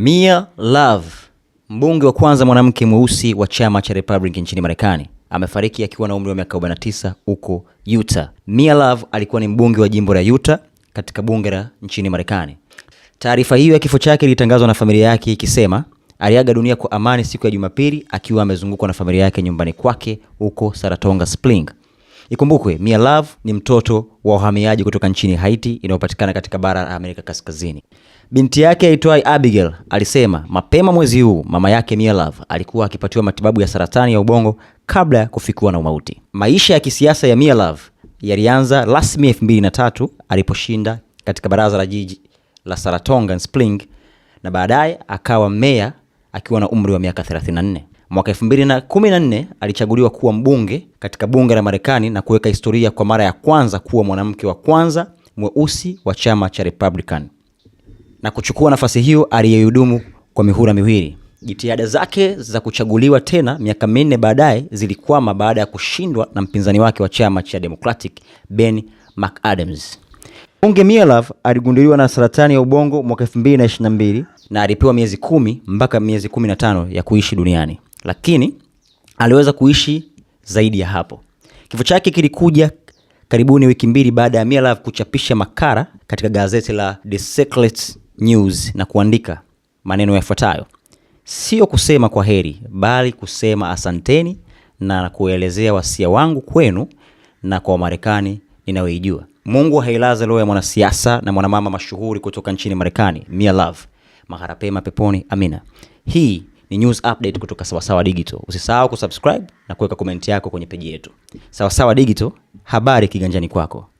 Mia Love, mbunge wa kwanza mwanamke mweusi wa chama cha Republican nchini Marekani, amefariki akiwa na umri wa miaka 49 huko Utah. Mia Love alikuwa ni mbunge wa jimbo la Utah katika bunge la nchini Marekani. Taarifa hiyo ya kifo chake ilitangazwa na familia yake ikisema aliaga dunia kwa amani siku ya Jumapili akiwa amezungukwa na familia yake nyumbani kwake huko Saratoga Springs. Ikumbukwe, Mia Love ni mtoto wa uhamiaji kutoka nchini Haiti inayopatikana katika bara la Amerika Kaskazini. Binti yake aitwaye Abigail alisema mapema mwezi huu mama yake Mia Love alikuwa akipatiwa matibabu ya saratani ya ubongo kabla ya kufikiwa na umauti. Maisha ya kisiasa ya Mia Love yalianza rasmi 2003 aliposhinda katika baraza la jiji la saratonga Springs na baadaye akawa meya akiwa na umri wa miaka 34. Mwaka 2014 alichaguliwa kuwa mbunge katika bunge la Marekani na kuweka historia kwa mara ya kwanza kuwa mwanamke wa kwanza mweusi wa chama cha Republican na kuchukua nafasi hiyo aliyehudumu kwa mihula miwili. Jitihada zake za kuchaguliwa tena miaka minne baadaye zilikwama baada ya kushindwa na mpinzani wake wa chama cha Democratic Ben McAdams. Bunge Mielov aligunduliwa na saratani ya ubongo mwaka 2022 na alipewa miezi kumi mpaka miezi 15 ya kuishi duniani lakini aliweza kuishi zaidi ya hapo. Kifo chake kilikuja karibuni wiki mbili baada ya Miralav kuchapisha makara katika gazeti la The Secret News na kuandika maneno yafuatayo: sio kusema kwa heri, bali kusema asanteni na kuelezea wasia wangu kwenu na kwa Wamarekani ninayoijua. Mungu hailaze roho ya mwanasiasa na mwanamama mashuhuri kutoka nchini Marekani, Miralav, mahara pema peponi. Amina. Hii ni news update kutoka Sawasawa Digital. Usisahau kusubscribe na kuweka komenti yako kwenye peji yetu. Sawasawa Digital, habari kiganjani kwako.